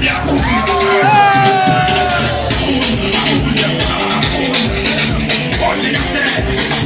Yeah, it up